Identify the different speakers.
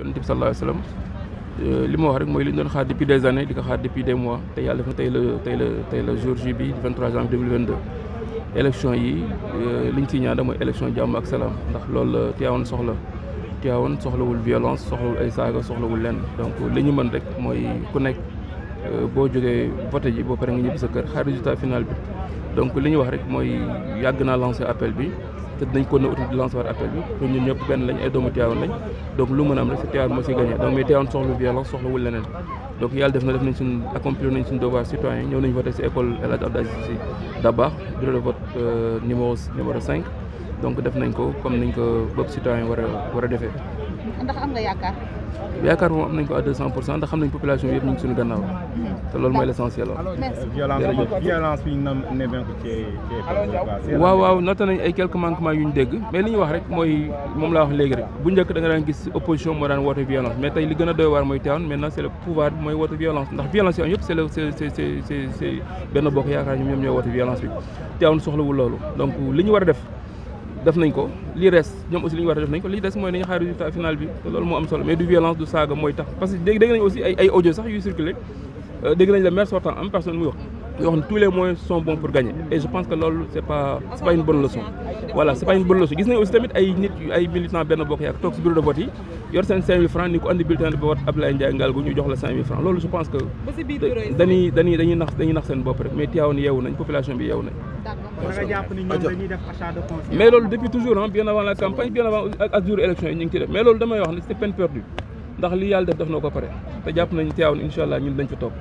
Speaker 1: yonent bi sallallahu alayhi wasallam euh, li ma wax rek mooy li ñu doon xaar depuis des années di ko xaar depuis des mois te yàlla dafa tey la tey la tey la jour J bi 23 janvier 2022. élection yi euh, liñ ciy ñaan mooy élection jàmm ak salaam ndax loolu la Tivaouane soxla Tivaouane soxlawul violence soxlawul ay saaga soxlawul lenn donc li ñu mën rek mooy ku nekk euh, boo jógee voté ji boo pare nga ñibbi sa kër xaar résultat final bi donc li ñu wax rek mooy yàgg naa lancé appel bi. te dinañ ko ne uti di lancer appel bi pour ñun ñëpp benn lañ ay doomu Tivaouane lañ donc lu mën a am rek si Tivaouane moo si gagné donc mais Tivaouane soxlu violence soxla wul leneen donc yàlla def na def nañ suñ accomplir nañ suñ devoir citoyen ñëw nañ voté si école El Hadj Abdou Aziz Sy Dabakh bureau vote euh, numéro numéro donc def nañ ko comme nañ ko bépp citoyen war a war a defee. ndax am nga yaakaar. moom am nañ ko à 200 pour cent ndax xam nañ population bi yëpp ñu ngi suñu gannaaw te loolu mooy ñu waaw waaw noté nañ ay wax rek mooy moom laa wax léegi rek bu njëkk da daan gis opposition moo daan woote violence mais tey li gën a doy waar mooy teewoon maintenant c' est le pouvoir bi mooy woote violence ndax violence yi am yëpp c' est le yaakaar ñoom ñooy woote violence bi teewoon soxlawul loolu donc li ñu war a def def nañ ko lii res ñoom aussi li ñu war a def nañ ko li des mooy nañu xaar résultat final bi te loolu moo am solo mais du violence du saaga mooy tax parce que dégg dégg nañ aussi ay ay audio sax yuy circulé euh, dégg nañ le maire sortant am personne muy wax muy wax tous les moyens sont bons pour gagner et je pense que loolu c' pas c' est pas une bonne leçon voilà gis nañ aussi tamit ay nit ay militants benn bokk yaak toog si bureau de vote yi yor seen 5000 francs ni ko andi bulletin bi wat Abdoulaye Ndiaye Ngalgou ñu jox la 5000 francs loolu je pense que. dañuy dañuy nax dañuy nax seen bopp rek mais Tivaouane yeewu nañ population bi yeewu nañ. mais loolu depuis toujours ah bien avant la campagne bien avant ak jour élection yi ñu ngi ci def mais loolu damay wax ne c'est peine ndax li yàlla def def na ko pare te jàpp nañu Tivaouane incha allah ñun dañ fa topp.